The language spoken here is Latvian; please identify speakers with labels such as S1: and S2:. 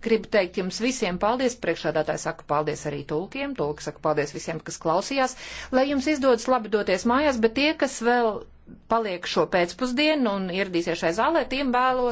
S1: Gribu teikt jums visiem paldies, priekšādātāji saka paldies arī tulkiem, tulki saka paldies visiem, kas klausījās, lai jums izdodas labi doties mājās, bet tie, kas vēl paliek šo pēcpusdienu un ieradīsies šai zālē, tiem vēlos